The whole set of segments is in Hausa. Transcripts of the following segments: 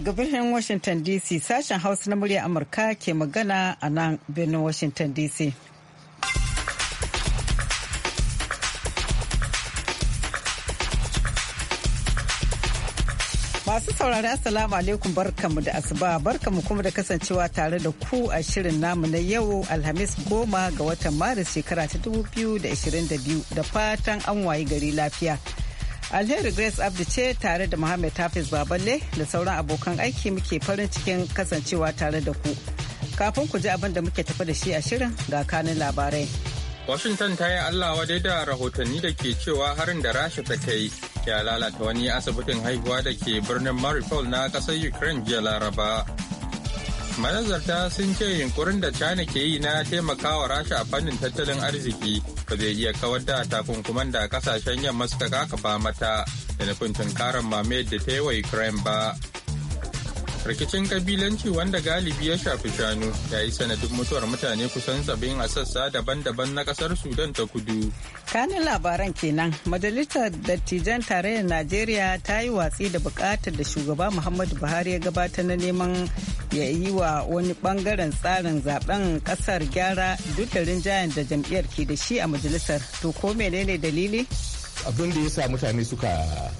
daga birnin Washington DC sashen Hausa na murya Amurka ke magana a nan birnin Washington DC. Masu saurari Assalamu alaikum barkamu da asuba barkamu kuma da kasancewa tare da ku a shirin namu na yau Alhamis goma ga watan Maris shekara ta 2022 da fatan an wayi gari lafiya. Alheri Grace Abdi ce tare da muhammed Hafiz Baballe da sauran abokan aiki muke farin cikin kasancewa tare da ku. Kafin ku ji abin da muke tafi da shi a shirin ga kanin labarai. Washington ta yi Allah wadai da rahotanni da ke cewa harin da Rasha ta kai ya lalata wani asibitin haihuwa da ke birnin maripol na ƙasar Ukraine jiya Laraba. manazarta sun ce yunkurin da china ke yi na taimakawa rasha a fannin tattalin arziki ba zai iya kawar da takunkuman da kasashen yamma suka kakafa mata da nufin tunkarar mamayar da ta yi wa ukraine ba rikicin kabilanci wanda galibi ya shafi shanu ya yi sanadin mutuwar mutane kusan sabbin a sassa daban-daban na kasar sudan ta kudu kanin labaran kenan majalisar dattijan tarayyar najeriya ta yi watsi da bukatar da shugaba muhammadu buhari ya gabatar na neman ya yi wa wani bangaren tsarin zaben kasar gyara duk da rinjayen da jam'iyyar ke da shi a majalisar to ko menene dalili abin da ya sa mutane suka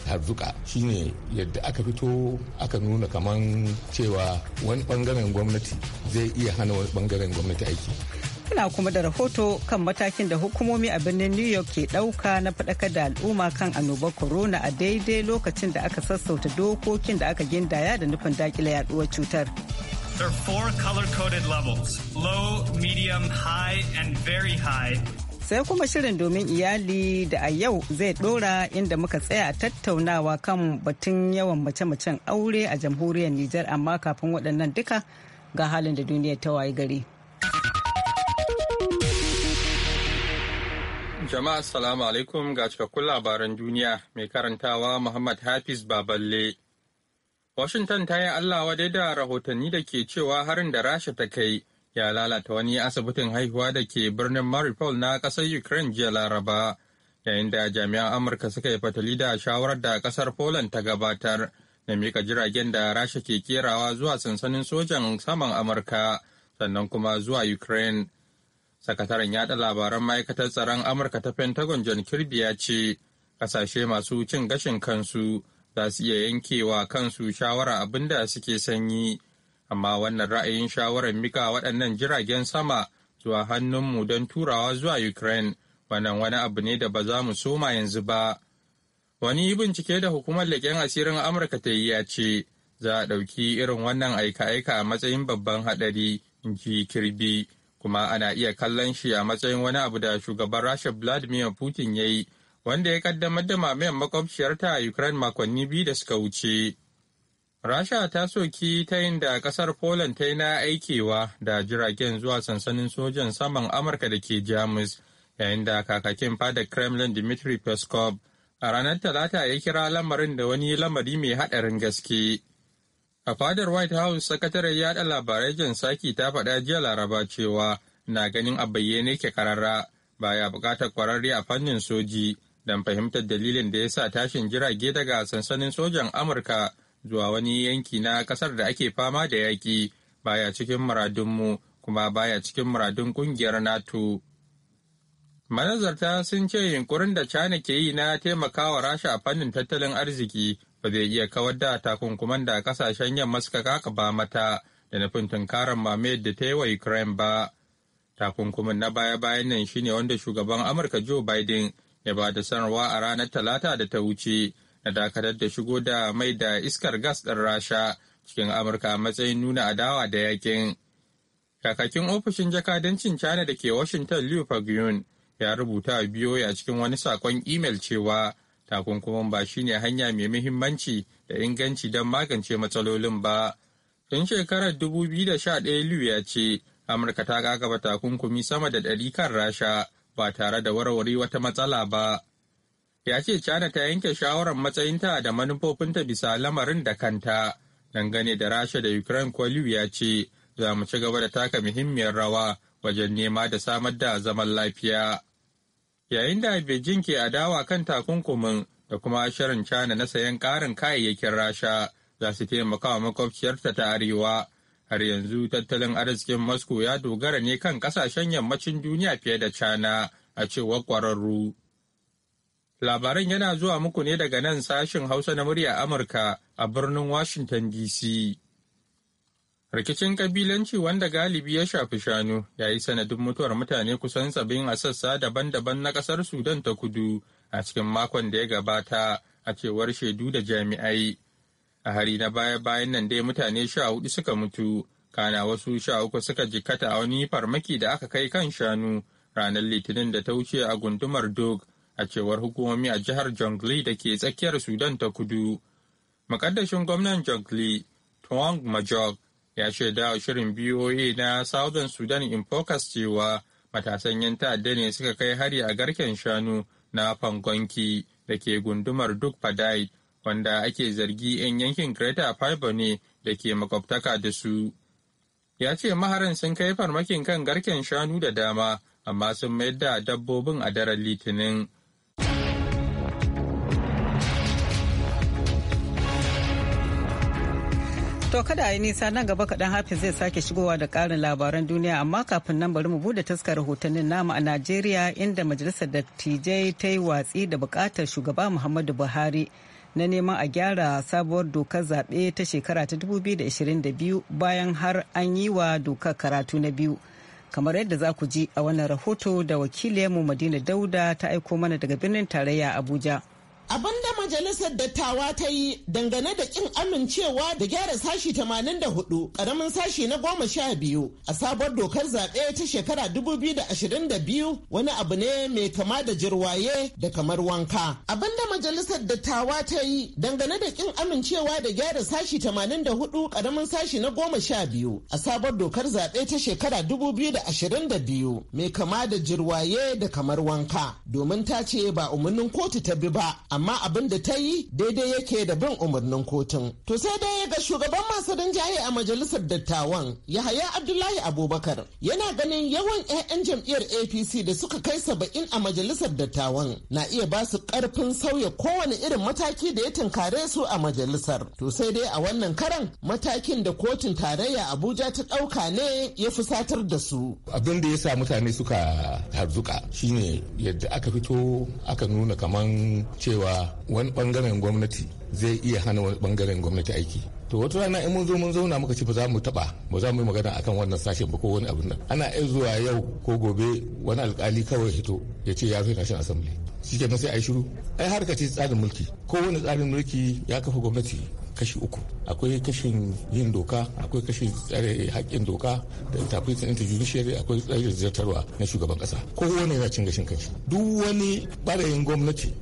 harzuka shine yadda aka fito aka nuna kaman cewa wani bangaren gwamnati zai iya hana wani bangaren gwamnati aiki Muna kuma da rahoto kan matakin da hukumomi a birnin New York ke ɗauka na faɗakar da al'umma kan annobar corona a daidai lokacin da aka sassauta dokokin da aka gindaya da nufin dakile yaduwar cutar. There are four color-coded levels, low, medium, high, and very high sai kuma shirin domin iyali da a yau zai dora inda muka tsaya a tattaunawa kan batun yawan mace-macen aure a jamhuriyar Nijar amma kafin waɗannan duka ga halin da duniya ta wayi gari. Jama'a salamu alaikum ga cikakkun labaran duniya mai karantawa Muhammad Hafiz Baballe. Washington ta yi Allah wadai da rahotanni da ke cewa harin da Rasha ta kai ya lalata wani asibitin haihuwa da ke birnin Mariupol na ƙasar Ukraine jiya Laraba, yayin da jami'an Amurka suka yi fatali da shawarar da ƙasar Poland ta gabatar da mika jiragen da Rasha ke kerawa zuwa sansanin sojan saman Amurka sannan kuma zuwa Ukraine. Sakataren yaɗa labaran ma'aikatar tsaron Amurka ta Pentagon John Kirby ya ce, ƙasashe masu cin gashin kansu za su iya yankewa kansu shawara abin da suke sanyi. amma wannan ra'ayin shawarar mika waɗannan jiragen sama zuwa hannunmu don turawa zuwa Ukraine wannan wani abu ne da ba za mu soma yanzu ba. Wani bincike da hukumar leƙen asirin Amurka ta yi ya ce za a ɗauki irin wannan aika-aika a matsayin babban haɗari ji kirbi kuma ana iya kallon shi a matsayin wani abu da shugaban Rasha Vladimir Putin ya yi wanda ya kaddamar da mamayan makwabciyarta a Ukraine makonni biyu da suka wuce. Rasha ta soki ta yin da kasar Poland ta yi na aikewa da jiragen zuwa sansanin sojan saman Amurka da ke Jamus, yayin da kakakin fada Kremlin Dmitry Peskov a ranar Talata ya kira lamarin da wani lamari mai haɗarin gaske. A fadar White House, sakataren yaɗa labarai Jan Saki ta faɗa jiya Laraba cewa na ganin a bayyane ke kararra baya buƙatar kwararre a fannin soji don fahimtar dalilin da ya sa tashin jirage daga sansanin sojan Amurka zuwa wani yanki na kasar da ake fama da yaƙi baya cikin muradunmu kuma baya cikin muradun ƙungiyar NATO. Manazarta sun ce yunkurin da China ke yi na taimakawa Rasha a fannin tattalin arziki ba zai iya kawar da takunkuman da kasashen yamma suka kaka ba mata da nufin tunkarar mamayar da ta yi wa Ukraine ba. Takunkumin na baya-bayan nan shine wanda shugaban Amurka Joe Biden ya ba da sanarwa a ranar Talata da ta wuce. na dakatar da shigo da mai da iskar gas ɗin rasha cikin amurka matsayin nuna adawa da yakin kakakin ofishin jakadancin china da ke washington liu pagyun ya rubuta biyo a cikin wani sakon imel cewa takunkumin ba shine hanya mai muhimmanci da inganci don magance matsalolin ba tun shekarar dubu biyu da sha 2011 liu ya ce amurka ta gagaba takunkumi sama da ɗari kan rasha ba tare da warware wata matsala ba ya ce China ta yanke shawarar matsayinta da manufofinta bisa lamarin da kanta. Dangane da Rasha da Ukraine Liu ya ce za mu ci gaba da taka muhimmiyar rawa wajen nema da samar da zaman lafiya. Yayin da Beijing ke adawa kan takunkumin da kuma shirin China na sayan karin kayayyakin Rasha za su taimaka wa makwabciyarta ta Arewa. Har yanzu tattalin arzikin Moscow ya dogara ne kan ƙasashen yammacin duniya fiye da China a cewar ƙwararru. Labaran yana zuwa muku ne daga nan sashin Hausa na murya Amurka a birnin Washington DC. Rikicin kabilanci wanda galibi ya shafi shanu ya yi sanadin mutuwar mutane kusan sabbin a sassa daban-daban na ƙasar Sudan ta kudu a cikin makon da ya gabata a cewar shaidu da jami'ai. A hari na baya-bayan nan dai mutane sha hudu suka mutu, kana wasu sha uku suka jikata a wani farmaki da aka kai kan shanu ranar litinin da ta wuce a gundumar Dog a cewar hukumomi a jihar Jonglei da ke tsakiyar Sudan ta kudu. Makaddashin gwamnan Jonglei, Tuang Majok, ya shaida a shirin BOA na Southern Sudan in Focus cewa matasan 'yan ta'adda ne suka kai hari a garken shanu na Fangonki da ke gundumar Duk Padai, wanda ake zargi 'yan yankin Greater Fiber ne da ke makwabtaka da su. Ya ce maharan sun kai farmakin kan garken shanu da dama, amma sun mayar da dabbobin a daren Litinin. To kada a yi nisa nan gaba kaɗan Hafiz zai sake shigowa da ƙarin labaran duniya amma kafin nan bari mu bude taskar rahotannin namu a Najeriya inda majalisar dattijai ta yi watsi da buƙatar shugaba Muhammadu Buhari na neman a gyara sabuwar dokar zaɓe ta shekara ta 2022 bayan har an yi wa dokar karatu na biyu. Kamar yadda za ku ji a wannan rahoto da wakiliyarmu Madina Dauda ta aiko mana daga birnin tarayya Abuja. da majalisar dattawa ta yi dangane da kin amincewa da gyara sashi 84 karamin sashi na goma sha biyu a sabon dokar zaɓe ta shekara 2022 wani abu ne mai kama da jirwaye da kamar wanka abinda majalisar dattawa ta yi dangane da kin amincewa da gyara sashi 84 karamin sashi na goma sha biyu a sabon dokar zaɓe ta shekara 2022 mai kama da jirwaye da kamar wanka domin ta ce ba umarnin kotu ta bi ba amma abin da ta yi daidai yake da bin umarnin kotun. To sai dai ga shugaban masu rinjaye a majalisar dattawan Yahaya Abdullahi Abubakar yana ganin yawan 'ya'yan jam'iyyar APC da suka kai saba'in a majalisar dattawan na iya ba su karfin sauya kowane irin mataki da ya tunkare su a majalisar. To sai dai a wannan karan matakin da kotun tarayya Abuja ta ɗauka ne ya fusatar da su. Abin da ya sa mutane suka harzuka shine yadda aka fito aka nuna kaman cewa cewa wani bangaren gwamnati zai iya hana wani bangaren gwamnati aiki to wata rana in mun zo mun zauna muka ci ba za mu taba ba za mu yi magana akan wannan sashe ba ko wani abin nan ana iya zuwa yau ko gobe wani alkali kawai hito ya ce ya fi national assembly shi ke sai a yi shiru ai harka ce tsarin mulki ko wani tsarin mulki ya kafa gwamnati kashi uku akwai kashin yin doka akwai kashin tsare haƙƙin doka da tafiya ta judiciary akwai tsare zartarwa na shugaban ƙasa ko wani yana cin gashin kanshi duk wani barayin gwamnati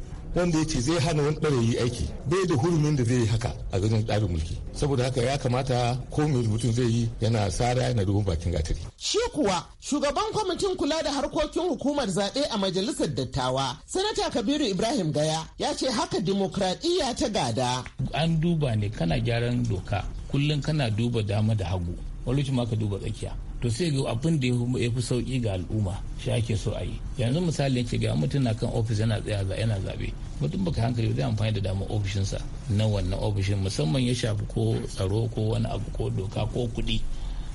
wanda ya ce zai hana wani yi aiki bai da hurumin da zai yi haka a ganin tsarin mulki saboda haka ya kamata ko mai mutum zai yi yana sara yana dubin bakin gatari. shi kuwa shugaban kwamitin kula da harkokin hukumar zaɓe a majalisar dattawa sanata kabiru ibrahim gaya ya ce haka dimokuraɗiyya ta gada. an duba ne kana gyaran doka kullum kana duba dama da hagu wani lokacin ma ka duba tsakiya to sai ga abin da ya fi sauki ga al'umma shi ake so a yi yanzu misali yake ga mutum na kan ofis yana tsaya yana zabe mutum baka hankali zai amfani da damar ofishinsa na wannan ofishin musamman ya shafi ko tsaro ko wani abu ko doka ko kuɗi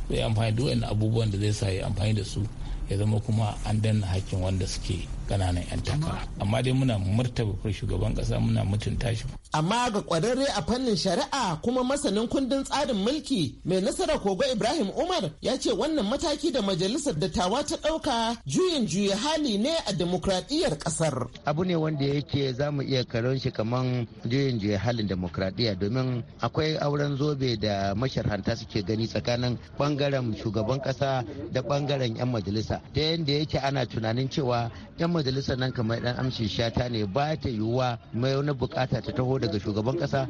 zai amfani da wani abubuwan da zai sa ya amfani da su ya zama kuma an danna hakkin wanda suke kananan 'yan takara amma dai muna martaba shugaban ƙasa muna mutunta shi amma ga kwararre a fannin shari'a kuma masanin kundin tsarin mulki mai nasara kogo ibrahim umar ya ce wannan mataki da majalisar dattawa ta ɗauka juyin juya hali ne a demokradiyyar ƙasar abu ne wanda yake za mu iya karon shi kaman juyin juya halin demokradiyya domin akwai auren zobe da masharhanta suke gani tsakanin bangaren shugaban ƙasa da bangaren 'yan majalisa ta yadda yake ana tunanin cewa 'yan majalisa nan kamar dan amshi shata ne ba ta yiwuwa mai wani bukata ta taho daga shugaban kasa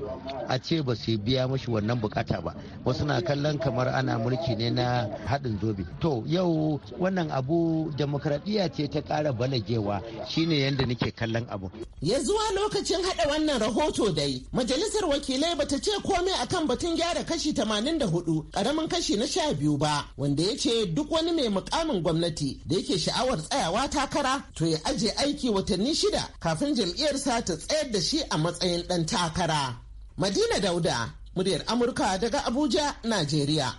a ce ba su biya mashi wannan bukata ba wasu na kallon kamar ana mulki ne na haɗin zobe to yau wannan abu demokradiyya ce ta ƙara balagewa shine yadda nake kallon abu ya zuwa lokacin haɗa wannan rahoto dai majalisar wakilai bata ce komai akan batun gyara kashi 84 ƙaramin kashi na sha biyu ba wanda ya ce duk wani mai mukamin gwamnati da yake sha'awar tsayawa takara to ya aje aiki watanni shida kafin sa ta tsayar da shi a matsayin ɗan 'yan takara. Madina Dauda, muryar Amurka daga Abuja, Najeriya.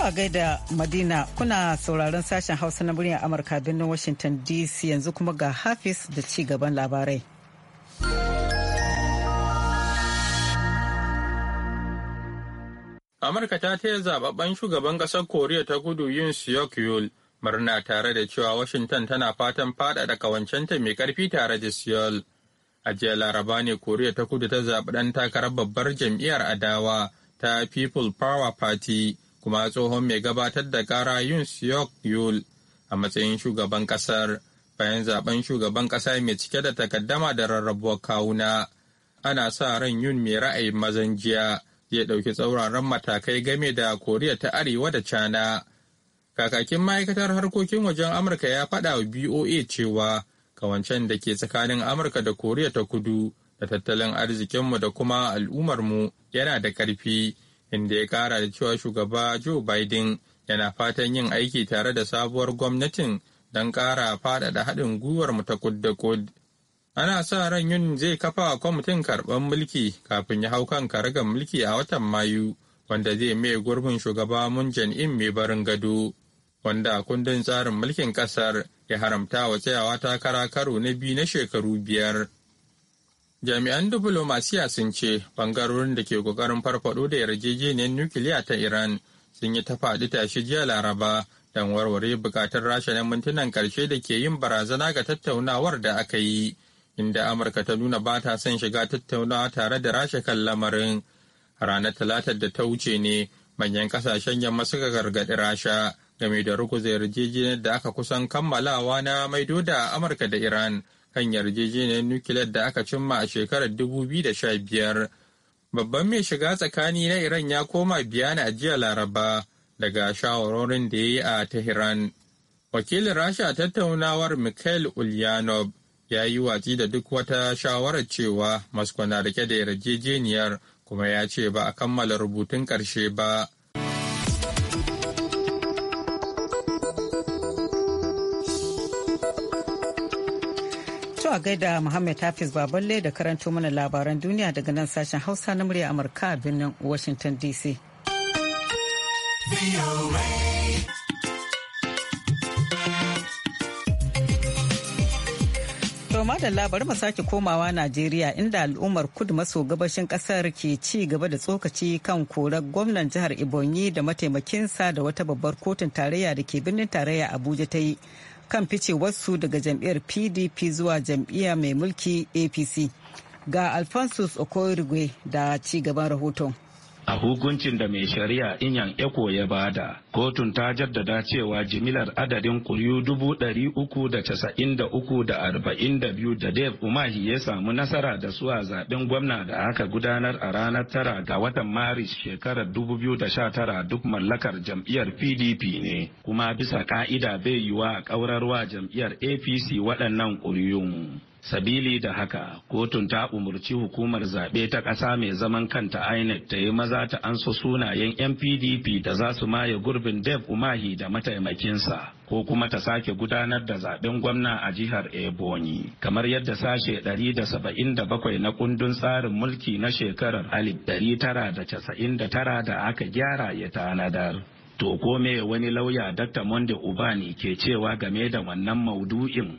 a gaida Madina kuna sauraron sashen Hausa na muryar Amurka birnin Washington DC yanzu kuma ga Hafiz da ci gaban labarai. Amurka ta taya zababben shugaban kasar Koriya ta gudu yin Siyok Yul murna tare da cewa Washington tana fatan faɗaɗa ƙawancenta mai karfi tare da Seoul. A jiya Laraba ne Koriya ta kudu ta zaɓi ɗan takarar babbar jam'iyyar adawa ta People Power Party kuma tsohon mai gabatar da ƙara Yun Seok Yul a matsayin shugaban ƙasar bayan zaɓen shugaban ƙasa mai cike da takaddama da rarrabuwar kawuna. Ana sa ran Yun mai ra'ayin mazan jiya zai ɗauki tsauraran matakai game da Koriya ta Arewa da China. kakakin ma'aikatar harkokin wajen amurka ya faɗa wa boa cewa kawancen da ke tsakanin amurka da koriya ta kudu da tattalin arzikinmu da kuma al'ummarmu yana da ƙarfi inda ya ƙara da cewa shugaba joe biden yana fatan yin aiki tare da sabuwar gwamnatin don ƙara faɗaɗa haɗin gwiwar mu ta kud da kud ana sa ran yun zai kafa kwamitin karɓar mulki kafin ya hau kan karagar mulki a watan mayu wanda zai mai gurbin shugaba mun jan'in mai barin gado wanda kundin tsarin mulkin ƙasar ya haramta wa tsayawa takara karo na biyu na shekaru biyar. Jami'an diflomasiya sun ce bangarorin da ke kokarin farfaɗo da yarjejeniyar nukiliya ta Iran sun yi ta faɗi tashi jiya Laraba don warware bukatar rasha na mintunan ƙarshe da ke yin barazana ga tattaunawar da aka yi, inda Amurka ta nuna ba ta son shiga tattaunawa tare da rasha kan lamarin. Ranar Talatar da ta wuce ne manyan ƙasashen yamma suka gargaɗi rasha game da ruguza yarjejeniyar da aka kusan kammalawa na maido da Amurka da Iran kan yarjejeniyar nukiliyar da aka cimma a shekarar 2015. Babban mai shiga tsakani na Iran ya koma biyana a jiya Laraba daga shawarorin da ya yi a Tehran. Wakilin Rasha tattaunawar Mikhail Ulyanov ya yi watsi da duk wata shawarar cewa Moscow na rike da yarjejeniyar kuma ya ce ba a kammala rubutun karshe ba. gai gaida Muhammad Hafiz Baballe da karanto mana labaran duniya daga nan sashen Hausa na murya Amurka a birnin Washington DC. Roma da labar mu sake komawa Najeriya inda al'ummar kudu maso gabashin kasar ke ci gaba da tsokaci kan korar gwamnan jihar Ebonyi da mataimakinsa da wata babbar kotun tarayya da ke birnin tarayya Abuja ta yi kan ficewarsu daga jam'iyyar pdp zuwa jam'iyya mai mulki apc ga alphonsus okorigwe da ci gaban rahoton A hukuncin da mai shari'a Inyan Eko ya bada, kotun ta jaddada cewa jimilar adadin kuriyu dubu ɗari uku da casa'in da uku da arba'in da biyu da dev Umahi ya samu nasara da su a zaben gwamna da aka gudanar a ranar tara ga watan Maris shekarar dubu biyu da sha tara duk mallakar jam'iyyar PDP ne, kuma bisa ka'ida bai yiwa a ƙaurarwa jam'iyyar APC waɗannan kuriyun. sabili da haka kotun ta umurci hukumar zaɓe ta ƙasa mai zaman kanta inec ta yi maza ta ansa sunayen yan pdp da za su maye gurbin dev umahi da mataimakinsa ko kuma ta sake gudanar da zaɓen gwamna a jihar ebonyi kamar yadda sashe 177 na kundin tsarin mulki na shekarar 1999 da aka gyara ya tanadar To ko me wani lauya Dr. Monde Ubani ke cewa game da wannan maudu'in?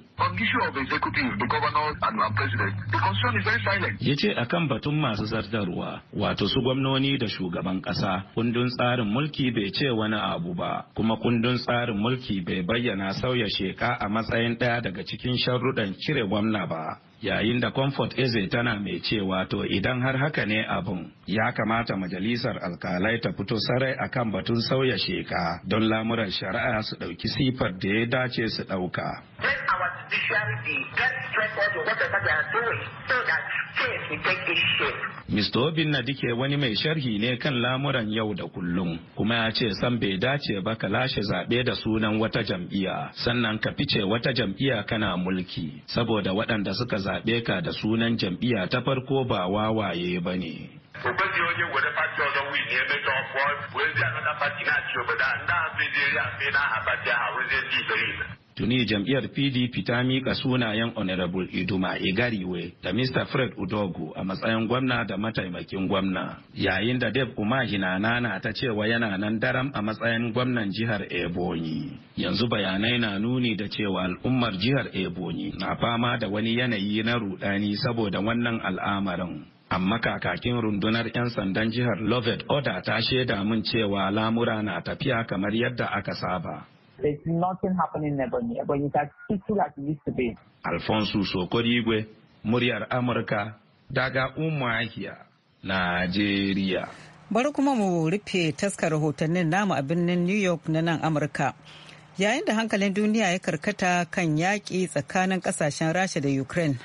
Ya ce a kan batun masu zartarwa, wato su gwamnoni da shugaban ƙasa, kundin tsarin mulki bai ce wani abu ba, kuma kundin tsarin mulki bai bayyana sauya sheka a matsayin ɗaya daga cikin sharruɗan cire gwamna ba. yayin da comfort eze tana mai cewa to idan har haka ne abun ya kamata majalisar alkalai ta fito sarai a kan batun sauya sheka don lamuran shari'a su ɗauki sifar da ya dace su ɗauka. judiciary the best record of they are doing so that Mr. Obin dike wani mai sharhi ne kan lamuran yau da kullum kuma ya ce san bai dace ba ka lashe zaɓe da sunan wata jam'iyya sannan ka fice wata jam'iyya kana mulki saboda waɗanda suka zaɓe ka da sunan jam'iya ta farko ba wawaye ba ne. tuni jam'iyyar pdp ta mika sunayen honorable iduma igariwe da mr fred udogu a matsayin gwamna da mataimakin gwamna yayin da deb umahina nana ta cewa yana nan daram a matsayin gwamnan jihar ebonyi yanzu bayanai na nuni da cewa al'ummar jihar ebonyi na fama da wani yanayi na rudani saboda wannan al'amarin amma kakakin rundunar 'yan sandan jihar lovett oda ta shaida mun cewa lamura na tafiya kamar yadda aka saba There's nothing happening never, near, but it's as peaceful as it used to be. Alfonso Sokorigwe, muryar Amurka, daga Umuahia, Najeriya. Bari kuma mu rufe taskar rahotannin namu a birnin New York na nan Amurka. Yayin da hankalin duniya ya karkata kan yaƙi tsakanin ƙasashen Rasha da Ukraine,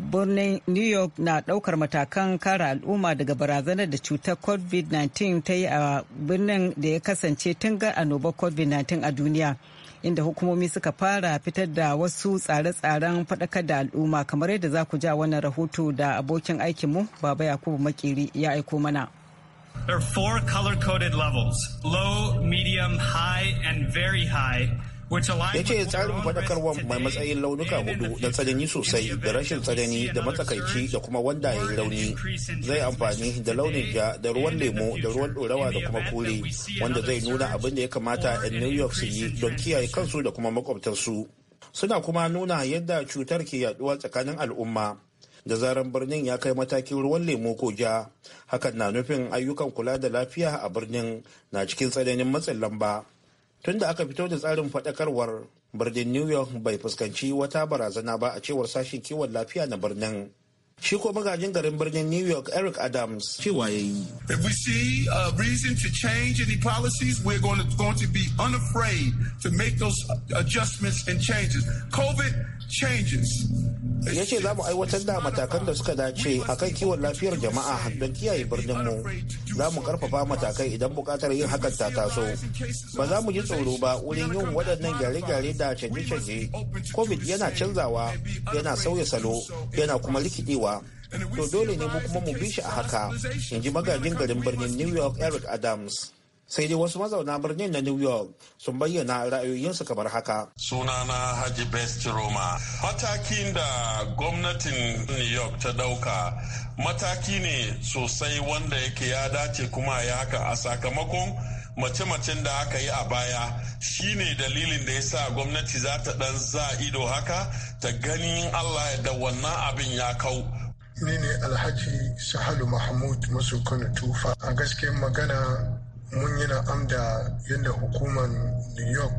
birnin new york na daukar matakan kare al'umma daga barazanar da cutar covid-19 ta yi a birnin da ya kasance tun ga annobar covid-19 a duniya inda hukumomi suka fara fitar da wasu tsare-tsaren faɗakar da al'umma kamar yadda za ku ja wannan rahoto da abokin aikinmu baba yakubu makeri ya aiko mana There are four color-coded levels, low, medium, high, and very high ya ce tsarin faɗakarwar mai matsayin launuka hudu da tsanani sosai da rashin tsanani da matsakaici da kuma wanda ya yi rauni zai amfani da launin ja da ruwan lemo da ruwan dorawa da kuma kore wanda zai nuna abin da ya kamata a new york su yi don kiyaye kansu da kuma makwabtansu suna kuma nuna yadda cutar ke yaduwa tsakanin al'umma da zaran birnin ya kai matakin ruwan lemo ko ja hakan na nufin ayyukan kula da lafiya a birnin na cikin tsananin matsin lamba tun da aka fito da tsarin faɗakarwar birnin new york bai fuskanci wata barazana ba a cewar sashen kiwon lafiya na birnin shi ko magajin garin birnin new york eric adams cewa ya yi if we see a reason to change any policies we're going to, going to be unafraid to make those adjustments and changes covid changes ya ce za mu aiwatar da matakan da suka dace a kan kiwon lafiyar jama'a don kiyaye birninmu za mu karfafa matakai idan bukatar yin hakan ta taso ba za mu ji tsoro ba wurin yin waɗannan gyare-gyare da canje-canje covid yana canzawa yana sauya salo yana kuma rikidewa to dole ne mu kuma mu bi shi a haka in ji magajin garin birnin new york eric adams sai dai wasu mazauna birnin na new york sun bayyana ra'ayoyinsu kamar haka sunana haji best roma matakin da gwamnatin new york ta dauka mataki ne sosai wanda yake ya dace kuma ya haka a sakamakon mace-macen da aka yi a baya shine dalilin da ya sa gwamnati za ta dan za ido haka ta ganin allah da wannan abin ya kau ni ne alhaji sahalu mahmud masu tufa a gaskiyar magana mun yi na'am da yadda hukumar new york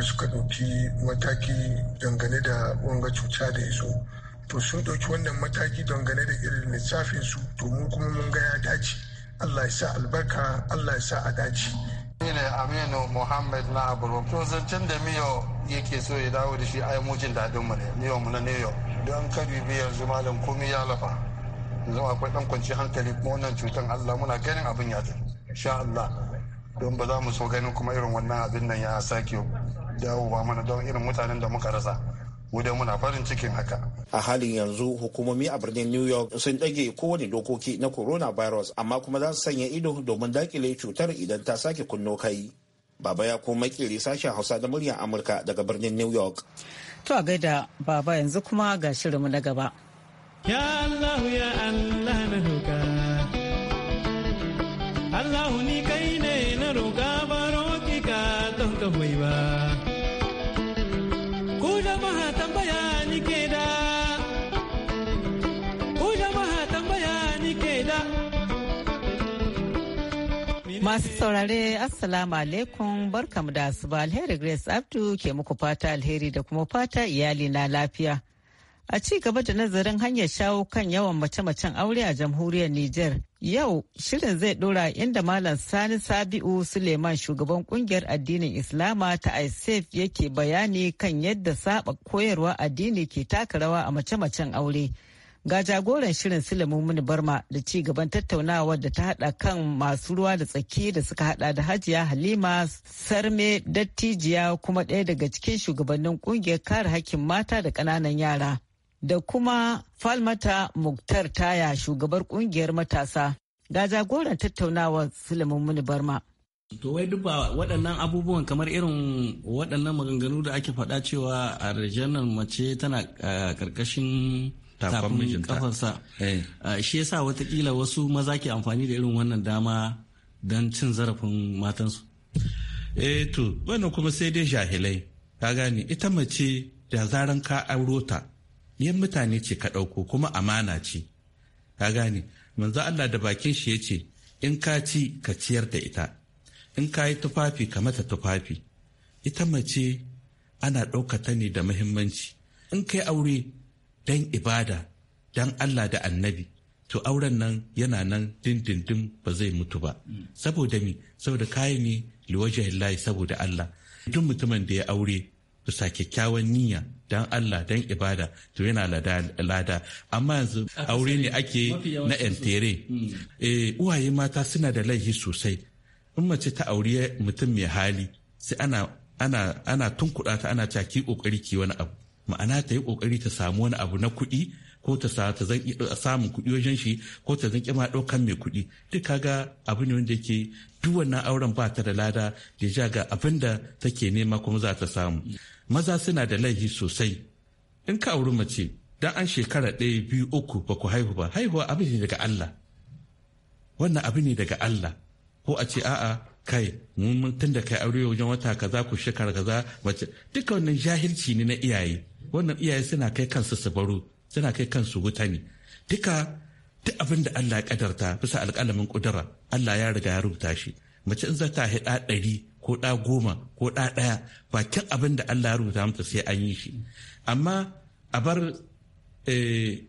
suka ɗauki mataki dangane da wanga cuta da iso to sun ɗauki wannan mataki dangane da irin lissafin su to mu kuma mun ga ya dace allah ya sa albarka allah ya sa a dace ni ne aminu muhammad na aburo to zancen da miyo yake so ya dawo da shi ai mu jin daɗin mu ne miyo mu na new york don kadi yanzu malam komi ya lafa yanzu akwai ɗan kwanci hankali kuma wannan cutan allah muna ganin abin ya tafi insha allah don ba za mu so ganin kuma irin wannan abin nan ya sake dawowa mana don irin mutanen da muka rasa wadda muna farin cikin haka. A halin yanzu hukumomi a birnin New York sun ɗage kowane dokoki na corona coronavirus amma kuma za su sanya ido domin dakile cutar idan ta sake kunno kai. Baba ya kuma makere sashen Hausa da muryar Amurka daga birnin New York. To a gaida baba yanzu kuma ga shirinmu na gaba. Ya Allah ya Allah na Allah ni kai roƙa baro ki ka don ka ba. Ku jama'a tambaya ni ke da, ku jama'a tambaya ni ke da. Masu saurare Assalamu alaikum barkamu da asuba alheri Grace Abdu ke muku fata alheri da kuma fata iyali na lafiya. A ci gaba da nazarin hanyar shawo kan yawan mace-macen aure a jamhuriyar Nijar. Yau shirin zai dora inda Malam Sani Sabi'u Suleiman shugaban kungiyar addinin Islama ta ISAF e yake bayani kan yadda saba koyarwa addini ke taka rawa a mace-macen aure. Ga jagoran shirin Sulemu Mini Barma da ci gaban tattaunawa da ta haɗa kan masu ruwa da tsaki da suka haɗa da Hajiya Halima Sarme Dattijiya kuma ɗaya daga cikin shugabannin ƙungiyar kare hakkin mata da ƙananan yara. da kuma Falmata Muktar Taya shugabar kungiyar matasa ga jagoran tattaunawa sulaiman Muni Barma. To wai duba waɗannan abubuwan kamar irin waɗannan maganganu da ake faɗa cewa a rajanar mace tana ƙarƙashin tafin kafarsa. Eh. Shi yasa watakila wasu maza ke amfani da irin wannan dama don cin zarafin matansu. Eh to wannan kuma sai dai jahilai. Ka gane ita mace da zaran ka aurota ta yan mutane ce ka ɗauko kuma amana ce ka gane manzo Allah da bakin shi ya ce in ka ci ka ciyar da ita in ka yi tufafi ka mata tufafi ita mace ana ɗaukata ne da muhimmanci in kai aure dan ibada dan Allah da annabi to auren nan yana nan dindindin ba zai mutu ba saboda mi saboda kayi ne liwajahillahi saboda Allah duk mutumin da ya aure bisa kyakkyawan niyya don Allah don ibada to yana lada amma yanzu aure ne ake na entere hmm. eh, uwaye mata suna da laihi sosai in mace ta aure mutum mai hali sai ana ana ana tunkuɗa ta ana cewa ki kokari ki wani abu ma'ana ta yi kokari ta samu wani abu na kuɗi ko ta sa ta zan eh, samun kuɗi wajen shi ko ta zan kima ɗaukan mai kuɗi duk kaga abu ne wanda yake duk wannan auren ba ta da lada da ja ga abin da take nema kuma za ta samu maza suna da laifi sosai in ka auri mace dan an shekara ɗaya biyu uku ba ku haihu ba haihuwa abu ne daga Allah wannan abu ne daga Allah ko a ce a'a kai mun tun da kai aure wajen wata kaza ku shekara kaza mace duka wannan jahilci ne na iyaye wannan iyaye suna kai kansu su baro suna kai kansu wuta ne duka duk abin da Allah ya kadarta bisa alƙalamin kudura Allah ya riga ya rubuta shi mace in za ta haɗa ɗari ko ɗa goma ko ɗa ɗaya bakin abin da Allah ya rubuta mata sai an yi shi amma a bar eh,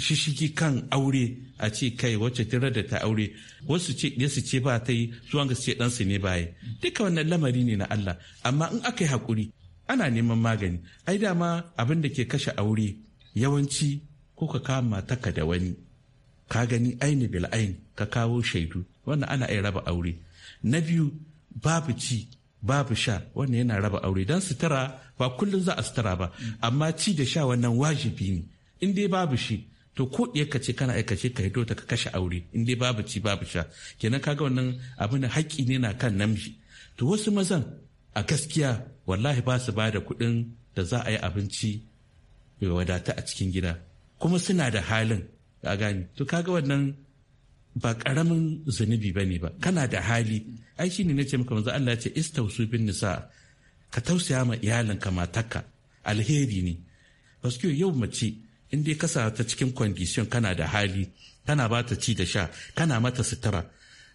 shishigi kan aure a ce kai wacce tirar da ta aure wasu ce su ce ba ta yi zuwan ga ce ɗansu ne baya duka wannan lamari ne na Allah amma in aka yi hakuri. ana neman magani ai dama abin da ke kashe aure yawanci ko ka kama taka da wani ka gani aini bil aini ka kawo shaidu wannan ana iya raba aure na biyu babu ci babu sha wannan yana raba aure don sutura ba kullum za a sutura ba amma ci da sha wannan wajibi ne in dai babu shi to ko ka ce kana aikace ka hito ta ka kashe aure in dai babu ci babu sha kenan kaga wannan abin haƙƙi ne na kan namiji to wasu mazan a gaskiya wallahi ba su ba kuɗin da za a yi abinci wadata a cikin gida kuma suna da halin ka gani to kaga wannan ba karamin zunubi bane ba kana da hali ai shine nace maka manzo Allah ya ce istausu bin nisa ka tausaya ma iyalinka matarka alheri ne baskiyo yau mace in dai kasa ta cikin kwandishiyon kana da hali kana ba ta ci da sha kana mata sutura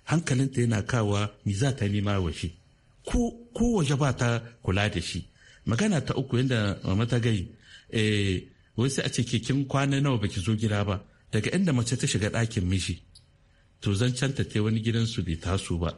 hankalinta yana kawa mi za ta nema shi ko waje ba ta kula da shi magana ta uku yadda ta gai eh, wai sai a ce ke kwana nawa baki zo gida ba daga inda mace ta shiga ɗakin miji to zancen ta wani gidansu bai taso ba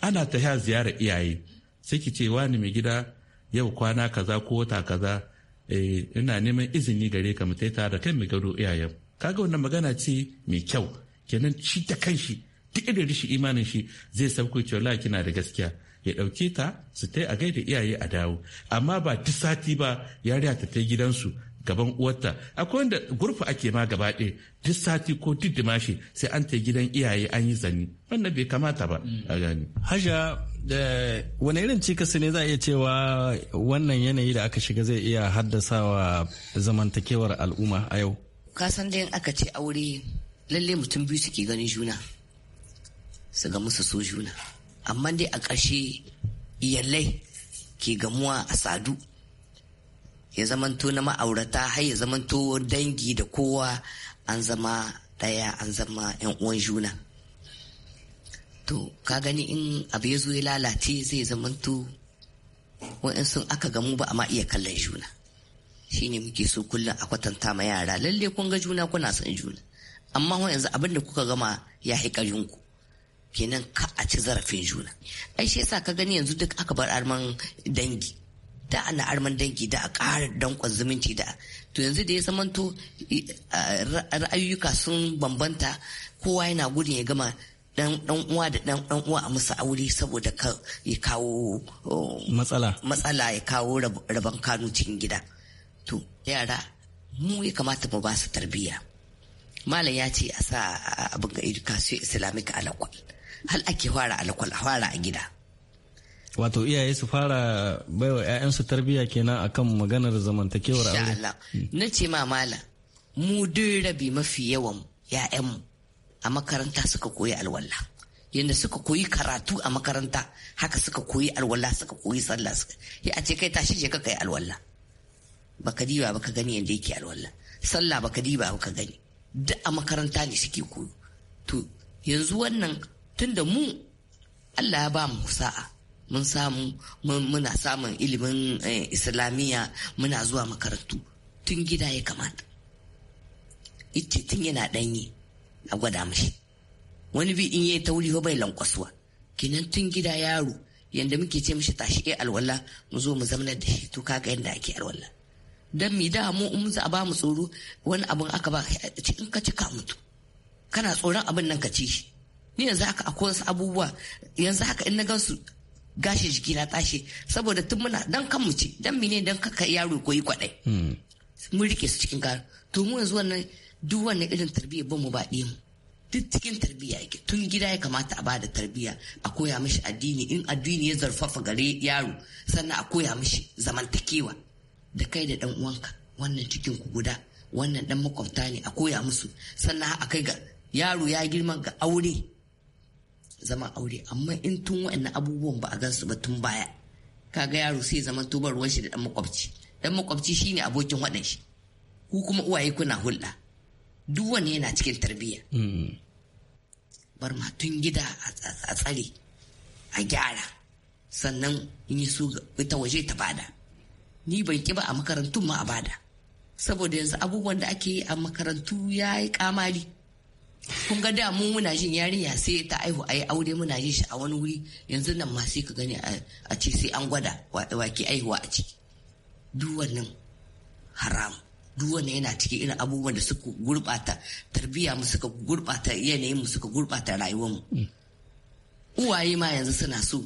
ana ta ya ziyara iyaye sai ki ce wani mai gida yau kwana kaza ko wata kaza eh, ina neman izini gare ka mu ta da kai mai gado iyayen kaga wannan magana ce mai kyau kenan shi ta kan shi duk da rishi imanin shi zai sauko cewa kina da gaskiya ya ɗauke ta su ta a gaida iyaye a dawo amma ba ta sati ba yariya ta ta gidansu gaban uwarta akwai wanda gurfa ake ma gaba ɗaya duk sati ko duk dimashi sai an ta gidan iyaye an yi zani wannan bai kamata ba a gani haja wani irin cikasi ne za a iya cewa wannan yanayi da aka shiga zai iya haddasawa zamantakewar al'umma a yau ka san dai aka ce aure lalle mutum biyu suke ganin juna su ga musu so juna amma dai a ƙarshe iyalai ke gamuwa a sadu ya zamanto na ma'aurata har ya zamanto dangi da kowa an zama ɗaya an zama 'yan uwan juna to ka gani in abu ya zo ya lalace zai zamanto wa'yansu aka gamu ba a ma iya kallon juna ne muke so kullum a kwatanta ma yara lalle kun ga juna kuna son juna amma yanzu abin da kuka gama ya haƙarin ku kenan ka a ci zarafin juna ai shi yasa ka gani yanzu duk aka bar arman dangi da ana arman dangi da a ƙara danƙon zumunci da to yanzu da ya zamanto eh, ra'ayyuka sun bambanta kowa yana gudun ya gama dan uwa da dan uwa a musu aure saboda ya kawo oh, matsala matsala ya kawo rabon kanu cikin gida to yara mu ya kamata mu ba su tarbiyya malam ya ce a sa abin ga education islamic alakwal hal ake fara alakwal a fara a gida wato iyaye su fara baiwa 'ya'yansu tarbiyya kenan akan maganar zamantakewar aure hmm. na ce ma mala mu duk rabi mafi yawan 'ya'yanmu a makaranta suka koyi alwala yadda suka koyi karatu a makaranta haka suka koyi alwala suka koyi sallah suka ya a ce kai tashi je ka kai alwala baka diba baka gani yadda yake alwala sallah baka diba baka gani duk a makaranta ne suke koyo to yanzu wannan tunda mu Allah ya ba mu sa'a mun samu muna samun ilimin eh, islamiyya muna zuwa makarantu tun gida ya kamata ice tun yana danyi a gwada mashi wani bi in yayi tauri ba bai lankwasuwa kinan tun gida yaro yanda muke ce mishi tashi eh alwala mu zo mu zamana da shi to kaga yanda ake alwala dan mi da mu in za a ba mu tsoro wani abun aka ba in ka cika mutu kana tsoron abin nan ka ci shi ni yanzu haka akwai wasu abubuwa yanzu haka in na gansu Gashin jiki na tashi saboda tun muna dan kan mu ce dan mine dan kaka yaro koyi kwadai hmm. mun rike su cikin gara to mu yanzu wannan duk wannan irin tarbiyya ba mu baɗe mu duk cikin tarbiyya yake tun gida ya kamata a bada tarbiyya a koya mishi addini in addini ya zarfafa gare yaro sannan a koya mishi zamantakewa da kai da dan uwanka wannan cikin ku guda wannan dan makwabta ne a koya musu sannan a kai ga yaro ya girma ga aure zama aure amma in tun wa'annan abubuwan ba a gansu ba tun baya kaga yaro sai zama tubar ruwan shi da dan makwabci dan makwabci shine abokin wadan shi ku kuma uwaye kuna hulɗa duk wani yana cikin tarbiyya mm. bar ma tun gida a tsare a gyara sannan in yi ga ita waje ta bada ni ban ki ba a makarantun ma a bada saboda yanzu abubuwan da ake yi a makarantu ya yi kamari kun ga da mu muna jin yarinya sai ta aihu ai aure muna yin shi a wani wuri yanzu nan ma sai ka gani a ce sai an gwada wake aihuwa a ciki duk wannan haram duk wannan yana cikin irin abubuwan da suka gurbata tarbiyya mu suka gurbata yanayin mu suka gurbata rayuwar mu mm. uwaye ma yanzu suna so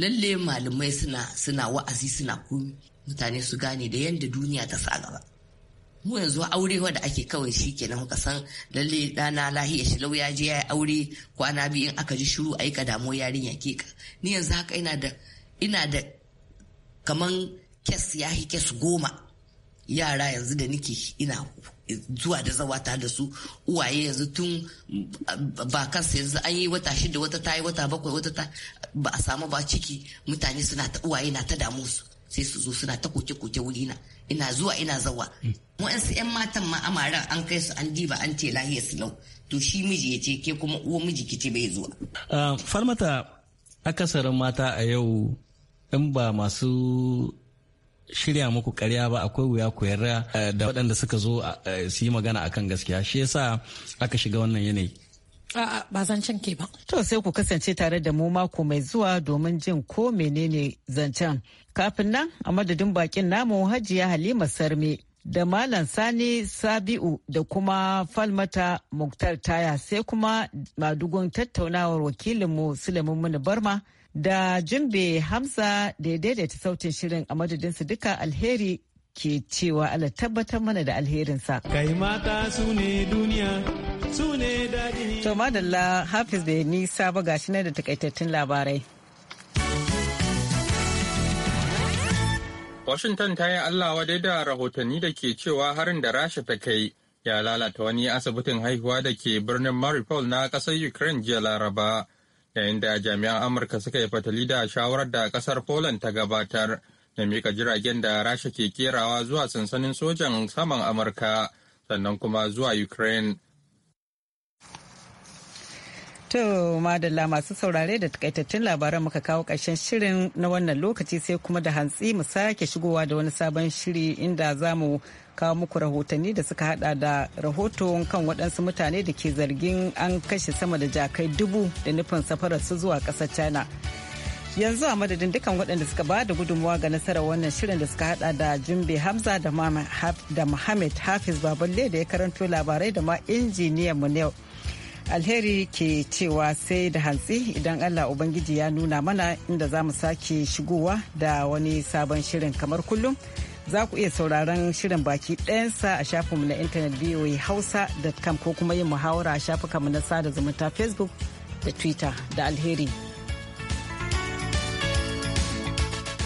lalle malamai suna suna wa'azi suna komi mutane su gane da yanda duniya ta sa gaba mu yanzu aure wanda ake kawai shi kenan kuka san lalle dana lahiya shi lau ya je ya yi aure kwana biyu in aka ji shiru a yi ka damu ya ke ka ni yanzu haka ina da ina da kaman kes ya yi kes goma yara yanzu da nike ina zuwa da zawata da su uwaye yanzu tun ba kansa yanzu an yi wata shida wata ta yi wata bakwai wata ta ba a samu ba ciki mutane suna ta uwaye na ta damu su sai su zo suna ta koke-koke wurina ina zuwa ina zawa hmm. wa'ansu 'yan matan ma amaran an kai su an diba an ce lahiya su lau to shi miji ya ce ke kuma uwa miji ki ce bai zuwa. farmata akasarin mata a yau in ba masu shirya muku karya ba akwai wuya ku yarda eh, da waɗanda suka zo eh, su yi magana akan gaskiya shi yasa aka shiga wannan yanayi A'a ba zancen ke ba. To sai ku kasance tare da mu mako mai zuwa domin jin ko menene zancen. Kafin nan a madadin bakin namu Hajiya Halima Sarmi da Malam Sani Sabi'u da kuma Falmata Muktar Taya sai kuma madugun tattaunawar wakilinmu Suleiman Muni Barma da Jimbe Hamza da ya daidaita sautin shirin a madadinsu duka alheri ke cewa Allah tabbatar mana da alherinsa. Kai mata su ne duniya, su ne daɗi. To madalla Hafiz da nisa ba gashi na da takaitattun labarai. Washington ta yi Allah wa da rahotanni da ke cewa harin da Rasha ta kai ya lalata wani asibitin haihuwa da ke birnin Mariupol na ƙasar Ukraine jiya Laraba, yayin da jami'an Amurka suka yi fatali da shawarar da ƙasar Poland ta gabatar da mika jiragen da rasha ke kerawa zuwa sansanin sojan saman amurka sannan kuma zuwa ukraine To madalla masu saurare da takaitattun labaran muka kawo ƙarshen shirin na wannan lokaci sai kuma da hantsi mu sake shigowa da wani sabon shiri inda za mu kawo muku rahotanni da suka hada da rahoton kan waɗansu mutane da ke zargin an kashe sama da jakai dubu da nufin safararsu zuwa ƙasar China. yanzu a madadin dukkan waɗanda suka ba da gudunmawa ga nasarar wannan shirin da suka hada da jimbe hamza da muhammad hafiz baballe da ya karanto labarai da ma injiniyan mu yau alheri ke cewa sai da hantsi idan allah ubangiji ya nuna mana inda za mu sake shigowa da wani sabon shirin kamar kullum za ku iya sauraron shirin baki ɗayansa a shafinmu na intanet voa hausa.com ko kuma yin muhawara a shafukanmu na sada zumunta facebook da twitter da alheri